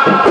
Thank you.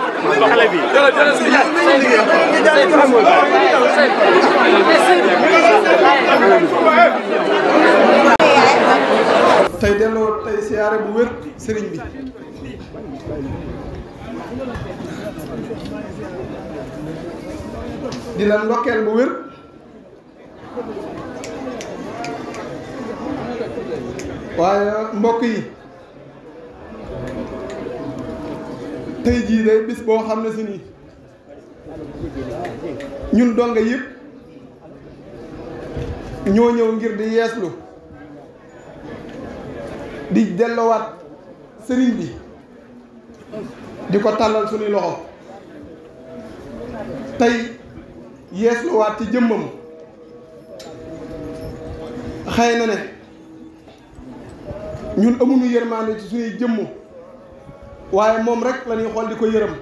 xale bi tey delloo bu wér sëriñ bi di la bu wér waaye mbokk yi tey jii day bis boo xam ne si ni ñun donga yëpp ñoo ñëw ngir di yeeslu di dellowaat sëriñ bi di ko tàllal suñuy loxo tey yeesluwaat ci jëmmam xëy na ne ñun amuñu yërmaande ci suñuy jëmm waye momrek, rek lañuy xol diko di ko yërëm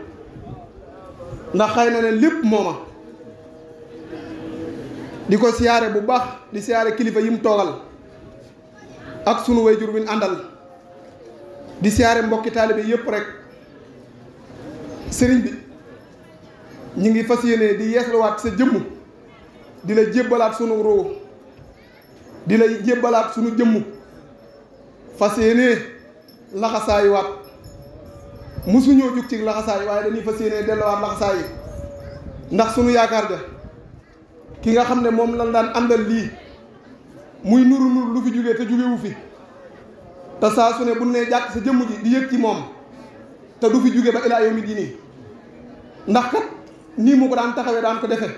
ndax xëy ne lepp moma di siaré bu baax di siaré kilifa yim togal ak sunu wayjur andal di siaré mbokki talibé yépp rek sëriñ bi ñi ngi fasiyéné di di yeesluwaat sa jëm di la jébalat sunu ro di la jébalat sunu fasiyéné la xasaay laxasaayuwaat musu ñoo jug ci laxasaay waaye dañuy fas yéene delluwaat laxasaay yi ndax sunu yaakaar ja ki nga xam ne moom lañ daan àndal lii muy nuru nur lu fi jugee te jugewu fi te saa su ne bu ne jàkk sa jëmm ji di yëg ci moom te du fi jugee ba ilaa yawmi diini ndax kat nii mu ko daan taxawee daan ko defee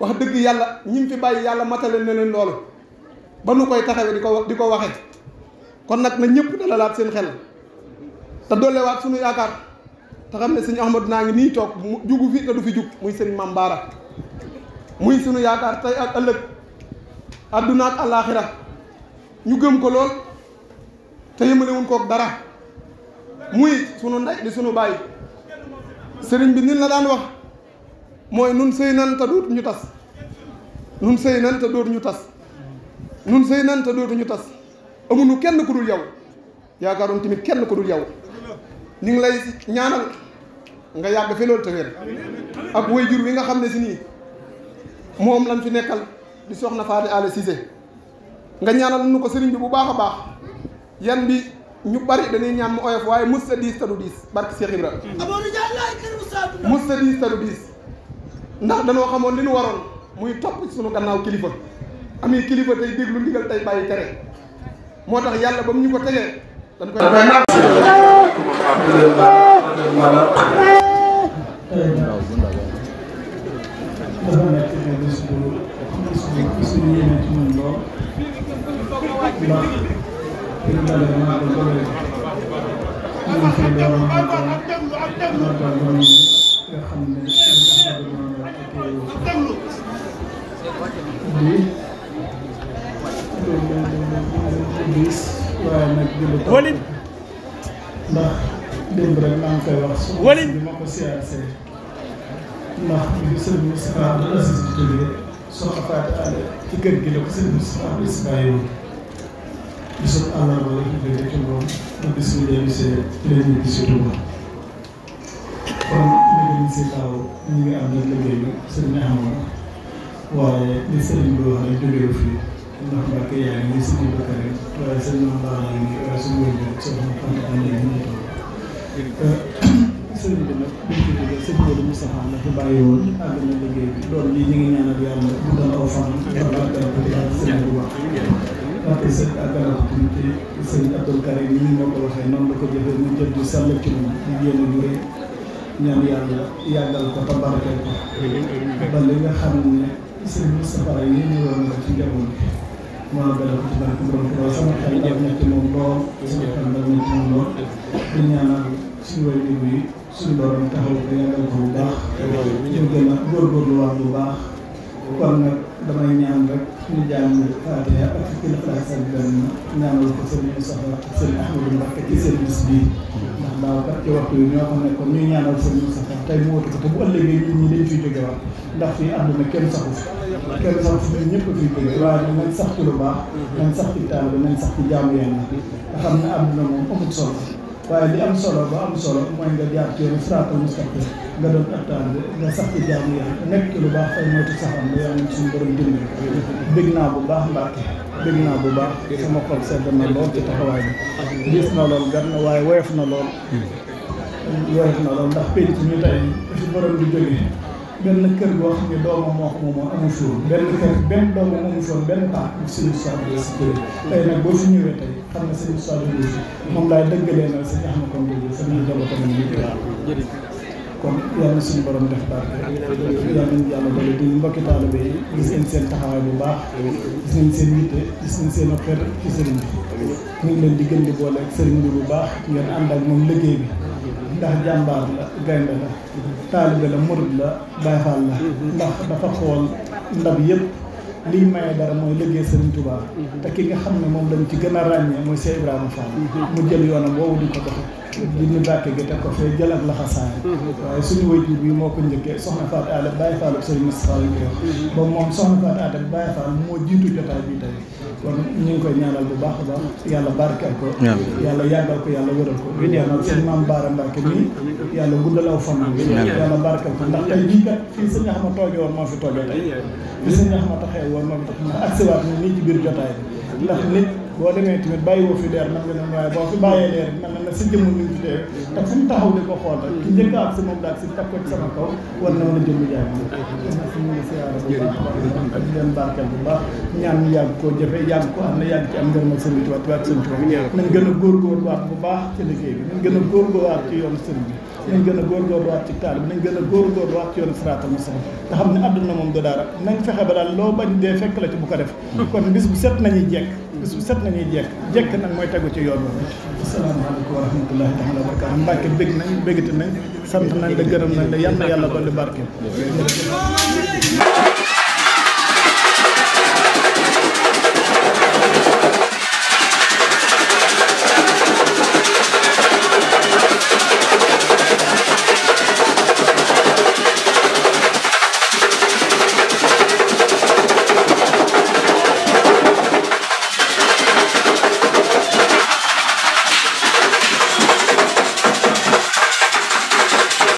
wax dëgg yàlla ñi fi bàyyi yàlla matale na leen loolu ba nu koy taxawee di ko di ko waxee kon nag na ñëpp dalalaat seen xel. te dollewaat suñu yaakaar te xam ne sëñ Ahmadu naa ngi nii toog mu jugu fi te du fi jug muy sëriñ Mame Bara muy sunu yaakaar tey ak ëllëg adduna ak ñu gëm ko lool te yëmalewuñ kook dara muy sunu ndey di sunu bàyyi sëriñ bi nit la daan wax mooy nun sëy nan te dootu ñu tas nun sëy nan te dootu tas nun sëy nan te dootuñu ñu tas amuñu kenn ku dul yow yaakaaroon tamit kenn ku dul yow ni ngi lay ñaanal nga yàgg fi loolu te ak way jur wi nga xam ne si nii moom lañ fi nekkal di soxna Faty Alé Cissé nga ñaanal nu ko sëriñ bi bu baax a baax yan bi ñu bari dañuy ñaan mu oyof waaye mës ta diis ta du diis barki Cheikh Ibra mës ta diis ta du diis ndax danoo xamoon li nu waroon muy topp ci sunu gannaaw kilifa ami kilifa tay déglu ndigal tay bàyyi tere moo tax yàlla ba mu ñu ko tegee dañ koy ولد démb rek maa ngi koy wax. wala bi ma ko siyaasee ndax bi sëñ Moustapha Abdoul Aziz di jógee soxna Fatou Allé ci kër gi la ko sëñ Moustapha Abdoul Aziz bàyyiwoon bisum àllarba la ci jógee ci moom ba bis bu dee gisee ci la ñuy gis Tuuba kon ñu ngi si taw ñu ngi am nag liggéey bi sëñ bi amoon waaye li sëñ bi wax rek jógee fii ndax Mbacke yaa ngi si biir Bakary waaye sëñ bi wax naa la ñu ngi waaye suñu wér-gu-wér soxna Fatou Allé ñu ngi sëriñ bi nag bu ñu ko jógee sëriñ Modou Moustapha la fi bàyyi woon àgg na liggéey bi loolu ngi ñaanal yàlla rek mu doon aw fan ko waxee noonu la ko jëfee mu jëf ju sàll ci moom ñu ñaan yàlla yàggal ko te barkeel ko ba nga xam ne sëriñ Moustapha yi ñu woon la ci ko ci barke borom suñu way déglu yi suñu borom taxaw ko yàggal ko bu baax. jëm gën a góorgóorluwaat bu baax. kon nag damay ñaan rek ñu jàng Faatiha ak fukki xalaat ak benn ñaanal ko sëriñ Moustapha ak sëriñ Ahmadou Mbacké ci kat ci waxtu yi ñoo xam ne kon ñuy ñaanal sëriñ Moustapha tey mu wóotu ko te bu ëllëgee nit ñi dañ fiy jóge waat ndax fii àdduna kenn saxu fi saxu fi ñëpp a fiy jóge waaye nañ sax ci lu baax. nañ sax ci taal bi nañ sax ci jaamu yàlla nga xam ne àdduna moom amut solo. waaye li am solo ba am solo mooy nga jaar ci yoonu siraatal mustaqim nga doon ab taalibe nga sax ci jaamu yàlla nekk ci lu baax fay moytu saxam la yàlla suñu borom dimbali dégg naa bu baax Mbàkke dégg naa bu baax sama xol sedd na lool ci taxawaay bi gis na lool gan waaye woyof na lool hmm. woyof na lool ndax pénc ñu tey fi borom di jógee benn kër boo xam ne doomam moo ko moom amu fi woon benn kër benn doomam amu fi woon benn tax ak sëriñ Sadio si kër tey nag boo fi ñëwee tey xam ne sëriñ Sadio si moom laay dëggalee na sëñ Ahmad Kon Bousso sëriñ Jalle ko nañ ñu kon yal na suñu borom def barke yal nañu yàlla bële di mbokki taalibe yi gis nañ seen taxawaay bu baax gis nañ seen yitte gis nañ seen affaire ci sëriñ bi ñu ngi leen di gën di boole ak sëriñ bi bu baax ngeen ànd ak moom liggéey bi ndax jàmbaar la gaynde la taalibe la murid la bayfaal la ndax dafa xool ndab yëpp liy maye dara mooy liggéey Serigne Touba te ki nga xam ne moom lañ ci gën a ràññee mooy Cheikh Ibrahima Fall mu jël yoonam woowu di ko doxe julli bàkke gi te ko fee jël ak laxasaay waaye suñu wajju bi moo ko njëkkee soxna Faat Aada Baye Fall ak sëriñ Moustapha la ñuy wax ba moom soxna Faat Aada Baye Fall moo jiitu jotaay bi tey kon ñu ngi koy ñaanal bu baax a baax yàlla barkeel ko yàlla yàggal ko yàlla wëral ko di ñaanal suñu maam Baara Mbàkke nii yàlla guddalaw fanaan yàlla barkeel ko ndax tey jii kat fii sëñ Axma tooge woon moo fi tooge tey fii sëñ Axma taxee woon moo fi tax ndax agsiwaat ni nii ci biir jotaay bi ndax boo demee tamit bàyyi woo fi leer man nga dem na sa jëmm ñu fi te fu ñu taxaw di ko xool rek ki njëkk ak si moom daal si takk ci sama kaw war na mën a jëmm jaay si ñu ngi siyaara bu baax ak leen barkeel bu baax ñaan ñu yàgg koo jëfe yàgg ko am na yàgg ci am ngërëm bi nañ gën a góorgóorluwaat bu baax ci liggéey bi nañ gën goor góorgóorluwaat ci yoon sëñ bi nañ gën a góorgóorluwaat ci taal bi nañ gën a góorgóorluwaat ci yoon siraatal mustaqim nañ fexe ba daal loo bañ dee ci bu ko def hmm. kon bis bu set bis bu set nañuy jekk jekk nag mooy tegu ci yoon boobu. asalaamaaleykum wa rahmatullahi taala wa a barakaatu. Mbàkke bég nañ bégte nañ sant nañ da gërëm nañ da yàlla yàlla ba li barke.